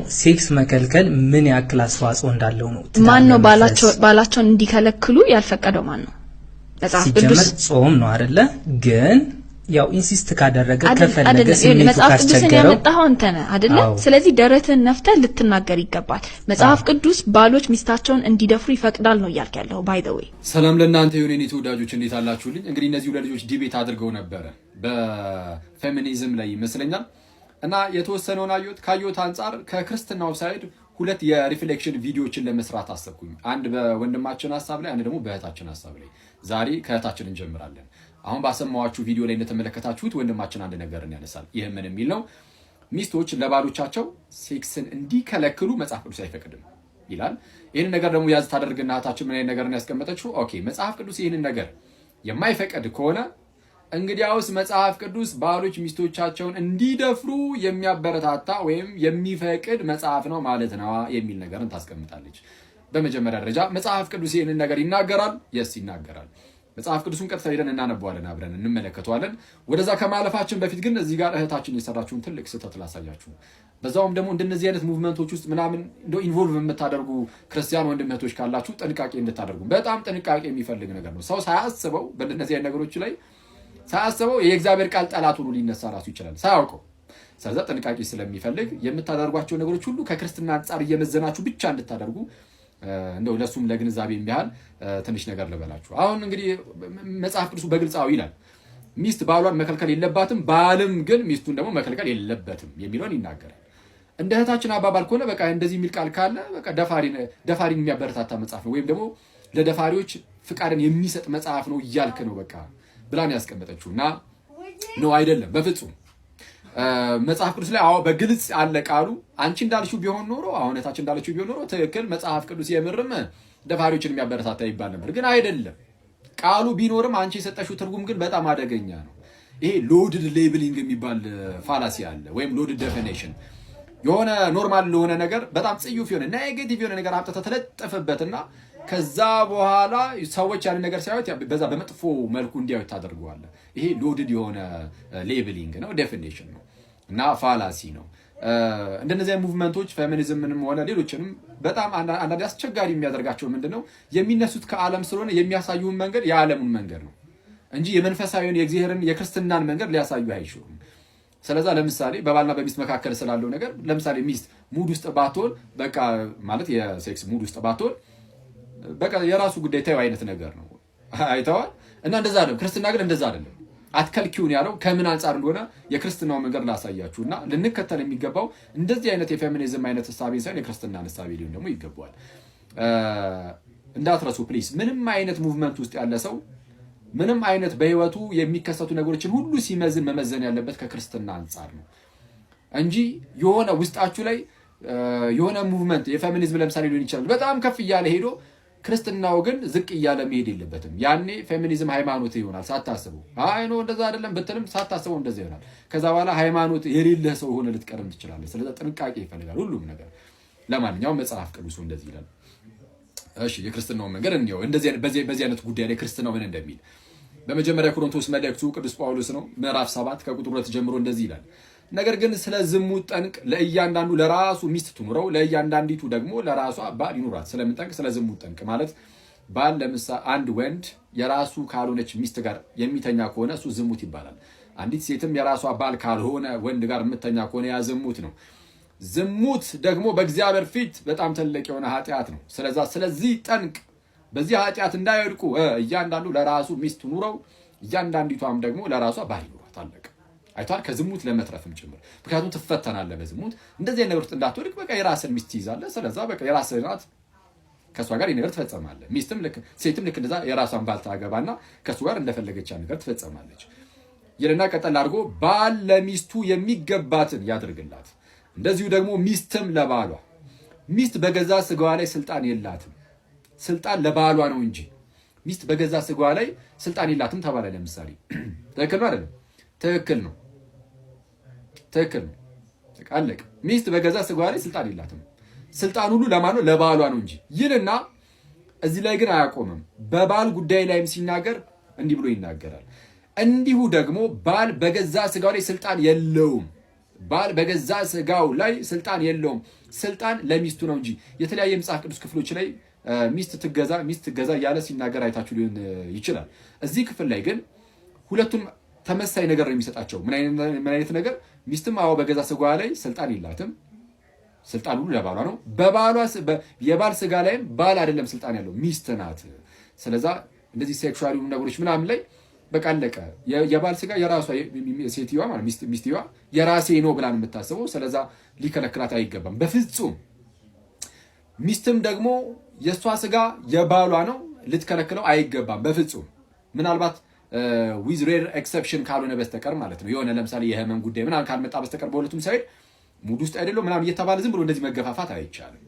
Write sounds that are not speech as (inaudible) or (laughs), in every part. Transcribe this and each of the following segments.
ነው ሴክስ መከልከል ምን ያክል አስተዋጽኦ እንዳለው ነው። ማን ነው ባላቸውን እንዲከለክሉ ያልፈቀደው? ማን ነው? መጽሐፍ ቅዱስ ጾም ነው አይደለ? ግን ያው ኢንሲስት ካደረገ ከፈለገ መጽሐፍ ቅዱስን ያመጣኸው አንተ ነህ አይደለ? ስለዚህ ደረትህን ነፍተ ልትናገር ይገባል። መጽሐፍ ቅዱስ ባሎች ሚስታቸውን እንዲደፍሩ ይፈቅዳል ነው እያልክ ያለው። ባይ ዘ ዌይ ሰላም ለእናንተ የሆነ የኔ ተወዳጆች እንዴት አላችሁልኝ? እንግዲህ እነዚህ ሁለት ልጆች ዲቤት አድርገው ነበረ በፌሚኒዝም ላይ ይመስለኛል እና የተወሰነውን አየሁት። ካየሁት አንጻር ከክርስትናው ሳይድ ሁለት የሪፍሌክሽን ቪዲዮዎችን ለመስራት አሰብኩኝ። አንድ በወንድማችን ሀሳብ ላይ፣ አንድ ደግሞ በእህታችን ሀሳብ ላይ። ዛሬ ከእህታችን እንጀምራለን። አሁን ባሰማዋችሁ ቪዲዮ ላይ እንደተመለከታችሁት ወንድማችን አንድ ነገርን ያነሳል። ይህ ምን የሚል ነው? ሚስቶች ለባሎቻቸው ሴክስን እንዲከለክሉ መጽሐፍ ቅዱስ አይፈቅድም ይላል። ይህንን ነገር ደግሞ ያዝ ታደርግና እህታችን ምን አይነት ነገርን ያስቀመጠችው? ኦኬ መጽሐፍ ቅዱስ ይህንን ነገር የማይፈቅድ ከሆነ እንግዲያውስ መጽሐፍ ቅዱስ ባሎች ሚስቶቻቸውን እንዲደፍሩ የሚያበረታታ ወይም የሚፈቅድ መጽሐፍ ነው ማለት ነው የሚል ነገርን ታስቀምጣለች። በመጀመሪያ ደረጃ መጽሐፍ ቅዱስ ይህንን ነገር ይናገራል። የስ ይናገራል። መጽሐፍ ቅዱሱን ቀጥታ ሄደን እናነበዋለን፣ አብረን እንመለከተዋለን። ወደዛ ከማለፋችን በፊት ግን እዚህ ጋር እህታችን የሰራችሁን ትልቅ ስህተት ላሳያችሁ። በዛውም ደግሞ እንደነዚህ አይነት ሙቭመንቶች ውስጥ ምናምን እንደ ኢንቮልቭ የምታደርጉ ክርስቲያን ወንድም እህቶች ካላችሁ ጥንቃቄ እንድታደርጉ፣ በጣም ጥንቃቄ የሚፈልግ ነገር ነው። ሰው ሳያስበው በእንደነዚህ አይነት ነገሮች ላይ ሳያስበው የእግዚአብሔር ቃል ጠላት ሁሉ ሊነሳ ራሱ ይችላል ሳያውቀው። ስለዚ ጥንቃቄ ስለሚፈልግ የምታደርጓቸው ነገሮች ሁሉ ከክርስትና አንጻር እየመዘናችሁ ብቻ እንድታደርጉ እንደው ለሱም ለግንዛቤ የሚያህል ትንሽ ነገር ልበላችሁ። አሁን እንግዲህ መጽሐፍ ቅዱሱ በግልጻዊ ይላል ሚስት ባሏን መከልከል የለባትም፣ ባልም ግን ሚስቱን ደግሞ መከልከል የለበትም የሚለውን ይናገራል። እንደ እህታችን አባባል ከሆነ በቃ እንደዚህ የሚል ቃል ካለ ደፋሪን የሚያበረታታ መጽሐፍ ነው፣ ወይም ደግሞ ለደፋሪዎች ፍቃድን የሚሰጥ መጽሐፍ ነው እያልክ ነው በቃ ብላን ያስቀመጠችው እና ኖ አይደለም፣ በፍጹም መጽሐፍ ቅዱስ ላይ አዎ በግልጽ አለ ቃሉ። አንቺ እንዳልሽው ቢሆን ኖሮ አሁነታችን እንዳልሽው ቢሆን ኖሮ ትክክል መጽሐፍ ቅዱስ የምርም ደፋሪዎችን የሚያበረታታ ይባል ነበር፣ ግን አይደለም። ቃሉ ቢኖርም አንቺ የሰጠሽው ትርጉም ግን በጣም አደገኛ ነው። ይሄ ሎድድ ሌብሊንግ የሚባል ፋላሲ አለ፣ ወይም ሎድድ ዴፊኔሽን። የሆነ ኖርማል ለሆነ ነገር በጣም ጽዩፍ የሆነ ኔጌቲቭ የሆነ ነገር አምጥተህ ተለጠፈበትና ከዛ በኋላ ሰዎች ያንን ነገር ሲያዩት በዛ በመጥፎ መልኩ እንዲያዩት ታደርገዋለህ። ይሄ ሎድድ የሆነ ሌብሊንግ ነው፣ ዴፊኒሽን ነው እና ፋላሲ ነው። እንደነዚያ ሙቭመንቶች ፌሚኒዝምንም ሆነ ሌሎችንም በጣም አንዳንድ አስቸጋሪ የሚያደርጋቸው ምንድን ነው የሚነሱት ከዓለም ስለሆነ የሚያሳዩን መንገድ የዓለሙን መንገድ ነው እንጂ የመንፈሳዊን የእግዚአብሔርን የክርስትናን መንገድ ሊያሳዩ አይችሉም። ስለዛ ለምሳሌ በባልና በሚስት መካከል ስላለው ነገር ለምሳሌ ሚስት ሙድ ውስጥ ባትሆን በቃ ማለት የሴክስ ሙድ ውስጥ ባትሆን በቃ የራሱ ጉዳይ ታዩ አይነት ነገር ነው። አይተዋል እና እንደዛ አይደለም። ክርስትና ግን እንደዛ አይደለም። አትከልኪውን ያለው ከምን አንጻር እንደሆነ የክርስትናው መንገድ ላሳያችሁ እና ልንከተል የሚገባው እንደዚህ አይነት የፌሚኒዝም አይነት እሳቤ ሳይሆን የክርስትናን እሳቤ ሊሆን ደግሞ ይገባዋል። እንዳትረሱ ፕሊስ። ምንም አይነት ሙቭመንት ውስጥ ያለ ሰው ምንም አይነት በህይወቱ የሚከሰቱ ነገሮችን ሁሉ ሲመዝን መመዘን ያለበት ከክርስትና አንጻር ነው እንጂ የሆነ ውስጣችሁ ላይ የሆነ ሙቭመንት የፌሚኒዝም ለምሳሌ ሊሆን ይችላል በጣም ከፍ እያለ ሄዶ ክርስትናው ግን ዝቅ እያለ መሄድ የለበትም። ያኔ ፌሚኒዝም ሃይማኖት ይሆናል ሳታስቡ። አይኖ እንደዛ አይደለም ብትልም ሳታስበው እንደዚ ይሆናል። ከዛ በኋላ ሃይማኖት የሌለህ ሰው ሆነ ልትቀርም ትችላለህ። ስለዚ ጥንቃቄ ይፈልጋል ሁሉም ነገር። ለማንኛውም መጽሐፍ ቅዱሱ እንደዚህ ይላል። እሺ የክርስትናው መንገድ እንየው። በዚህ አይነት ጉዳይ ላይ ክርስትናው ምን እንደሚል በመጀመሪያ ቆሮንቶስ መልእክቱ ቅዱስ ጳውሎስ ነው ምዕራፍ ሰባት ከቁጥር ሁለት ጀምሮ እንደዚህ ይላል ነገር ግን ስለ ዝሙት ጠንቅ ለእያንዳንዱ ለራሱ ሚስት ትኑረው፣ ለእያንዳንዲቱ ደግሞ ለራሷ ባል ይኑራት። ስለምጠንቅ ስለ ዝሙት ጠንቅ ማለት ባል ለምሳ አንድ ወንድ የራሱ ካልሆነች ሚስት ጋር የሚተኛ ከሆነ እሱ ዝሙት ይባላል። አንዲት ሴትም የራሷ ባል ካልሆነ ወንድ ጋር የምተኛ ከሆነ ያ ዝሙት ነው። ዝሙት ደግሞ በእግዚአብሔር ፊት በጣም ትልቅ የሆነ ኃጢአት ነው። ስለዛ ስለዚህ ጠንቅ በዚህ ኃጢአት እንዳይወድቁ እያንዳንዱ ለራሱ ሚስት ኑረው፣ እያንዳንዲቷም ደግሞ ለራሷ ባል ይኑሯት። አለቀ። አይቷል ከዝሙት ለመትረፍም ጭምር ምክንያቱም ትፈተናለ በዝሙት እንደዚህ ነገር ውስጥ እንዳትወድቅ በቃ የራስን ሚስት ይዛለ ስለዛ በቃ የራስህ ናት ከእሷ ጋር ነገር ትፈጸማለ ሚስትም ሴትም ልክ እንደዛ የራሷን ባል ታገባና ከእሱ ጋር እንደፈለገች ነገር ትፈጸማለች ይልና ቀጠል አድርጎ ባል ለሚስቱ የሚገባትን ያድርግላት እንደዚሁ ደግሞ ሚስትም ለባሏ ሚስት በገዛ ስጋዋ ላይ ስልጣን የላትም ስልጣን ለባሏ ነው እንጂ ሚስት በገዛ ስጋዋ ላይ ስልጣን የላትም ተባለ ለምሳሌ (clears throat) ትክክል አይደለም ትክክል ነው፣ ትክክል ነው። አለቅ ሚስት በገዛ ስጋዋ ላይ ስልጣን የላትም። ስልጣን ሁሉ ለማን ነው? ለባሏ ነው እንጂ ይልና እዚህ ላይ ግን አያቆምም። በባል ጉዳይ ላይም ሲናገር እንዲህ ብሎ ይናገራል። እንዲሁ ደግሞ ባል በገዛ ስጋው ላይ ስልጣን የለውም። ባል በገዛ ስጋው ላይ ስልጣን የለውም። ስልጣን ለሚስቱ ነው እንጂ የተለያየ መጽሐፍ ቅዱስ ክፍሎች ላይ ሚስት ትገዛ፣ ሚስት ትገዛ እያለ ሲናገር አይታችሁ ሊሆን ይችላል። እዚህ ክፍል ላይ ግን ሁለቱም ተመሳይ ነገር ነው የሚሰጣቸው። ምን አይነት ነገር? ሚስትም አዎ በገዛ ስጋ ላይ ስልጣን የላትም። ስልጣን ሁሉ ለባሏ ነው። በባሏ የባል ስጋ ላይም ባል አይደለም ስልጣን ያለው ሚስት ናት። ስለዛ እንደዚህ ሴክሹዋል ነገሮች ምናምን ላይ በቃ አለቀ። የባል ስጋ የራሷ ሴትዮዋ ማለት የራሴ ነው ብላ ነው የምታስበው። ስለዛ ሊከለክላት አይገባም በፍጹም። ሚስትም ደግሞ የእሷ ስጋ የባሏ ነው፣ ልትከለክለው አይገባም በፍጹም ምናልባት ዊዝ ሬር ኤክሰፕሽን ካልሆነ በስተቀር ማለት ነው። የሆነ ለምሳሌ የህመም ጉዳይ ምናምን ካልመጣ በስተቀር በሁለቱም ሳይድ ሙድ ውስጥ አይደለው ምናምን እየተባለ ዝም ብሎ እንደዚህ መገፋፋት አይቻልም።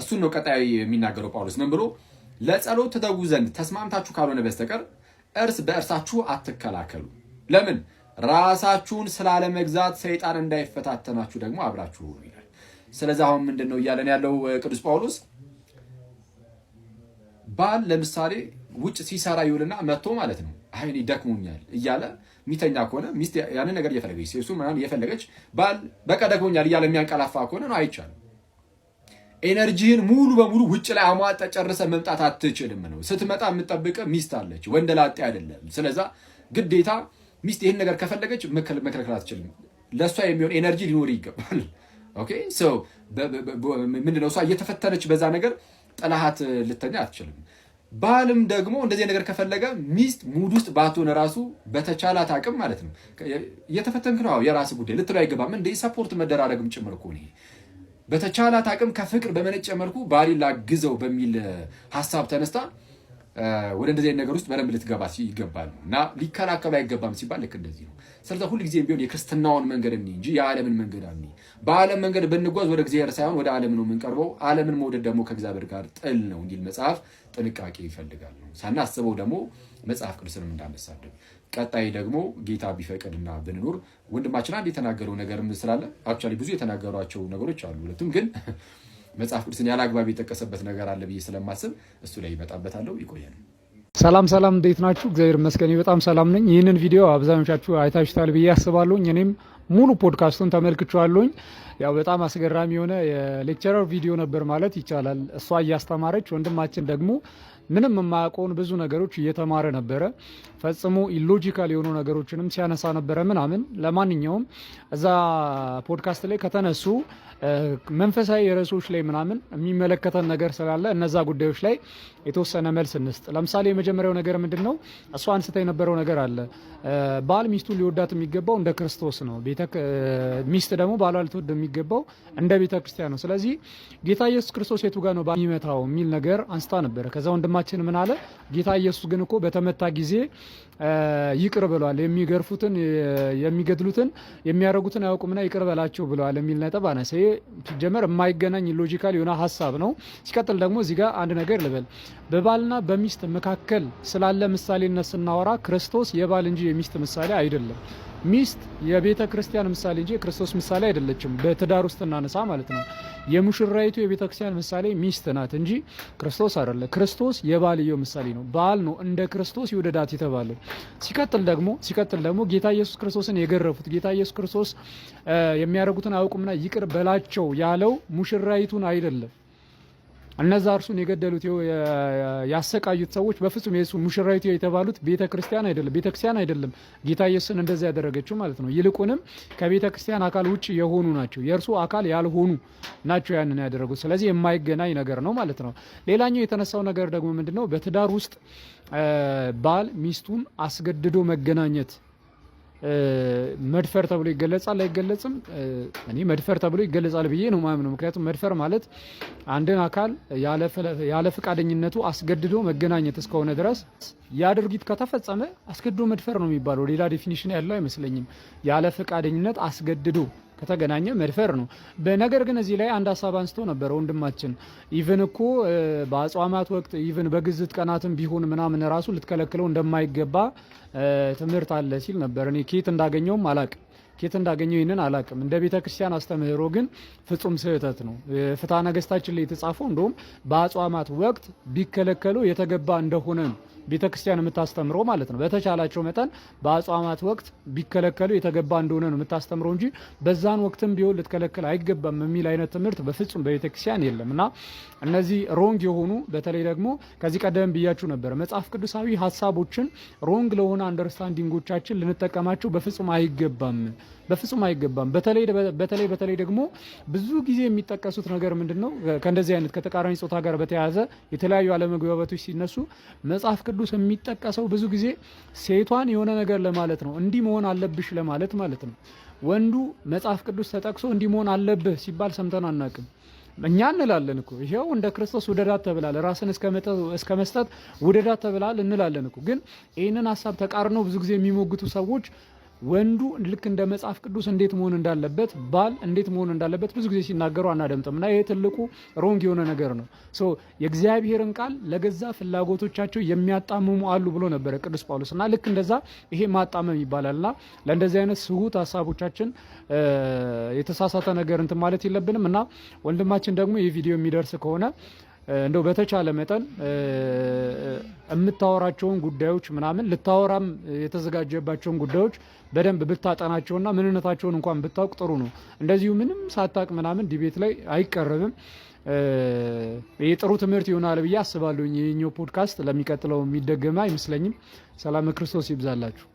እሱን ነው ቀጣይ የሚናገረው ጳውሎስ ምን ብሎ ለጸሎት ትተጉ ዘንድ ተስማምታችሁ ካልሆነ በስተቀር እርስ በእርሳችሁ አትከላከሉ። ለምን ራሳችሁን ስላለመግዛት ሰይጣን እንዳይፈታተናችሁ ደግሞ አብራችሁ ሆኑ ይላል። ስለዚ አሁን ምንድን ነው እያለን ያለው ቅዱስ ጳውሎስ ባል ለምሳሌ ውጭ ሲሰራ ይውልና መጥቶ ማለት ነው አይን ደክሞኛል እያለ ሚተኛ ከሆነ ሚስት ያንን ነገር እየፈለገች ሴሱ ምናምን እየፈለገች ባል በቃ ደክሞኛል እያለ የሚያንቀላፋ ከሆነ ነው አይቻልም። ኤነርጂህን ሙሉ በሙሉ ውጭ ላይ አሟጠ ጨርሰ መምጣት አትችልም ነው። ስትመጣ የምጠብቀ ሚስት አለች፣ ላጤ አይደለም። ስለዛ ግዴታ ሚስት ይህን ነገር ከፈለገች መከልከል አትችልም። ለእሷ የሚሆን ኤነርጂ ሊኖር ይገባል። (laughs) ምንድነው እሷ እየተፈተነች በዛ ነገር ጥላሃት ልተኛ አትችልም። ባልም ደግሞ እንደዚህ ነገር ከፈለገ ሚስት ሙድ ውስጥ ባትሆን ራሱ በተቻላት አቅም ማለት ነው እየተፈተንክ ነው የራስ ጉዳይ ልትለው አይገባም። እንደ ሰፖርት መደራረግም ጭምር እኮ በተቻላት አቅም ከፍቅር በመነጨ መልኩ ባሊ ላግዘው በሚል ሀሳብ ተነስታ ወደ እንደዚህ ነገር ውስጥ በደንብ ልትገባ ይገባል ነው እና ሊከላከሉ አይገባም ሲባል ልክ እንደዚህ ነው። ስለዚህ ጊዜ ቢሆን የክርስትናውን መንገድ እኒ እንጂ የዓለምን መንገድ አኒ። በዓለም መንገድ ብንጓዝ ወደ እግዚአብሔር ሳይሆን ወደ ዓለም ነው የምንቀርበው። ዓለምን መውደድ ደግሞ ከእግዚአብሔር ጋር ጥል ነው እንዲል መጽሐፍ ጥንቃቄ ይፈልጋል ነው። ሳናስበው ደግሞ መጽሐፍ ቅዱስንም እንዳነሳድብ። ቀጣይ ደግሞ ጌታ ቢፈቅድና ብንኖር ወንድማችን አንድ የተናገረው ነገር ስላለ አክቹዋሊ ብዙ የተናገሯቸው ነገሮች አሉ። ሁለቱም ግን መጽሐፍ ቅዱስን ያለ አግባብ የጠቀሰበት ነገር አለ ብዬ ስለማስብ እሱ ላይ ይመጣበታለሁ። ይቆያል ሰላም ሰላም፣ እንዴት ናችሁ? እግዚአብሔር ይመስገን በጣም ሰላም ነኝ። ይህንን ቪዲዮ አብዛኞቻችሁ አይታችሁታል ብዬ አስባለሁኝ። እኔም ሙሉ ፖድካስቱን ተመልክቼዋለሁኝ። ያው በጣም አስገራሚ የሆነ የሌክቸረር ቪዲዮ ነበር ማለት ይቻላል። እሷ እያስተማረች ወንድማችን ደግሞ ምንም የማያውቀውን ብዙ ነገሮች እየተማረ ነበረ። ፈጽሞ ኢሎጂካል የሆኑ ነገሮችንም ሲያነሳ ነበረ ምናምን። ለማንኛውም እዛ ፖድካስት ላይ ከተነሱ መንፈሳዊ ርዕሶች ላይ ምናምን የሚመለከተን ነገር ስላለ እነዛ ጉዳዮች ላይ የተወሰነ መልስ እንስጥ። ለምሳሌ የመጀመሪያው ነገር ምንድን ነው? እሷ አንስታ የነበረው ነገር አለ። ባል ሚስቱን ሊወዳት የሚገባው እንደ ክርስቶስ ነው። ሚስት ደግሞ ባሏ ልትወድ የሚገባው እንደ ቤተ ክርስቲያን ነው። ስለዚህ ጌታ ኢየሱስ ክርስቶስ የቱ ጋር ነው የሚመታው የሚል ነገር አንስታ ነበረ። ከዛ ወንድማ ወንድማችን ምን አለ? ጌታ ኢየሱስ ግን እኮ በተመታ ጊዜ ይቅር ብሏል፣ የሚገርፉትን የሚገድሉትን የሚያደርጉትን አያውቁምና ይቅር በላቸው ብለዋል የሚል ነጥብ አነሰ። ሲጀመር የማይገናኝ ሎጂካል የሆነ ሀሳብ ነው። ሲቀጥል ደግሞ እዚህ ጋር አንድ ነገር ልበል። በባልና በሚስት መካከል ስላለ ምሳሌነት ስናወራ ክርስቶስ የባል እንጂ የሚስት ምሳሌ አይደለም። ሚስት የቤተ ክርስቲያን ምሳሌ እንጂ የክርስቶስ ምሳሌ አይደለችም። በትዳር ውስጥ እናነሳ ማለት ነው። የሙሽራይቱ የቤተ ክርስቲያን ምሳሌ ሚስት ናት እንጂ ክርስቶስ አይደለ። ክርስቶስ የባልየው ምሳሌ ነው። ባል ነው እንደ ክርስቶስ ይውደዳት የተባለው። ሲቀጥል ደግሞ ሲቀጥል ደግሞ ጌታ ኢየሱስ ክርስቶስን የገረፉት ጌታ ኢየሱስ ክርስቶስ የሚያደርጉትን አያውቁምና ይቅር በላቸው ያለው ሙሽራይቱን አይደለም እነዛ እርሱን የገደሉት ያሰቃዩት ሰዎች በፍጹም የሱ ሙሽራይቱ የተባሉት ቤተክርስቲያን አይደለም፣ ቤተክርስቲያን አይደለም ጌታ ኢየሱስን እንደዚ ያደረገችው ማለት ነው። ይልቁንም ከቤተክርስቲያን አካል ውጭ የሆኑ ናቸው፣ የእርሱ አካል ያልሆኑ ናቸው ያንን ያደረጉት። ስለዚህ የማይገናኝ ነገር ነው ማለት ነው። ሌላኛው የተነሳው ነገር ደግሞ ምንድነው? በትዳር ውስጥ ባል ሚስቱን አስገድዶ መገናኘት መድፈር ተብሎ ይገለጻል አይገለጽም? እኔ መድፈር ተብሎ ይገለጻል ብዬ ነው ነው። ምክንያቱም መድፈር ማለት አንድን አካል ያለ ፈቃደኝነቱ አስገድዶ መገናኘት እስከሆነ ድረስ ያ ድርጊት ከተፈጸመ አስገድዶ መድፈር ነው የሚባለው። ሌላ ዴፊኒሽን ያለው አይመስለኝም። ያለ ፈቃደኝነት አስገድዶ ከተገናኘ መድፈር ነው። ነገር ግን እዚህ ላይ አንድ ሀሳብ አንስቶ ነበረ ወንድማችን። ኢቭን እኮ በአጽዋማት ወቅት ኢቭን በግዝት ቀናትም ቢሆን ምናምን ራሱ ልትከለክለው እንደማይገባ ትምህርት አለ ሲል ነበር። እኔ ኬት እንዳገኘውም አላቅም ኬት እንዳገኘው ይህንን አላቅም። እንደ ቤተ ክርስቲያን አስተምህሮ ግን ፍጹም ስህተት ነው። ፍትሐ ነገስታችን ላይ የተጻፈው እንደውም በአጽዋማት ወቅት ቢከለከሉ የተገባ እንደሆነ ነው። ቤተክርስቲያን የምታስተምረው ማለት ነው። በተቻላቸው መጠን በአጽዋማት ወቅት ቢከለከሉ የተገባ እንደሆነ ነው የምታስተምረው እንጂ በዛን ወቅትም ቢሆን ልትከለከል አይገባም የሚል አይነት ትምህርት በፍጹም በቤተክርስቲያን የለም እና እነዚህ ሮንግ የሆኑ በተለይ ደግሞ ከዚህ ቀደም ብያችሁ ነበር መጽሐፍ ቅዱሳዊ ሀሳቦችን ሮንግ ለሆነ አንደርስታንዲንጎቻችን ልንጠቀማቸው በፍጹም አይገባም። በፍጹም አይገባም። በተለይ በተለይ ደግሞ ብዙ ጊዜ የሚጠቀሱት ነገር ምንድን ነው? ከእንደዚህ አይነት ከተቃራኒ ጾታ ጋር በተያያዘ የተለያዩ አለመግባባቶች ሲነሱ መጽሐፍ ቅዱስ የሚጠቀሰው ብዙ ጊዜ ሴቷን የሆነ ነገር ለማለት ነው፣ እንዲህ መሆን አለብሽ ለማለት ማለት ነው። ወንዱ መጽሐፍ ቅዱስ ተጠቅሶ እንዲህ መሆን አለብህ ሲባል ሰምተን አናውቅም። እኛ እንላለን እኮ ይሄው እንደ ክርስቶስ ውደዳት ተብላል፣ ራስን እስከ መስጠት ውደዳት ተብላል እንላለን እኮ። ግን ይህንን ሀሳብ ተቃርነው ብዙ ጊዜ የሚሞግቱ ሰዎች ወንዱ ልክ እንደ መጽሐፍ ቅዱስ እንዴት መሆን እንዳለበት ባል እንዴት መሆን እንዳለበት ብዙ ጊዜ ሲናገሩ አናደምጥም እና ይሄ ትልቁ ሮንግ የሆነ ነገር ነው። ሶ የእግዚአብሔርን ቃል ለገዛ ፍላጎቶቻቸው የሚያጣምሙ አሉ ብሎ ነበረ ቅዱስ ጳውሎስ እና ልክ እንደዛ ይሄ ማጣመም ይባላል እና ለእንደዚህ አይነት ስሁት ሀሳቦቻችን የተሳሳተ ነገር እንትን ማለት የለብንም እና ወንድማችን ደግሞ ይህ ቪዲዮ የሚደርስ ከሆነ እንደው በተቻለ መጠን የምታወራቸውን ጉዳዮች ምናምን ልታወራም የተዘጋጀባቸውን ጉዳዮች በደንብ ብታጠናቸውና ምንነታቸውን እንኳን ብታውቅ ጥሩ ነው። እንደዚሁ ምንም ሳታቅ ምናምን ዲቤት ላይ አይቀርብም። የጥሩ ትምህርት ይሆናል ብዬ አስባለሁ። የኛው ፖድካስት ለሚቀጥለው የሚደገመ አይመስለኝም። ሰላም ክርስቶስ ይብዛላችሁ።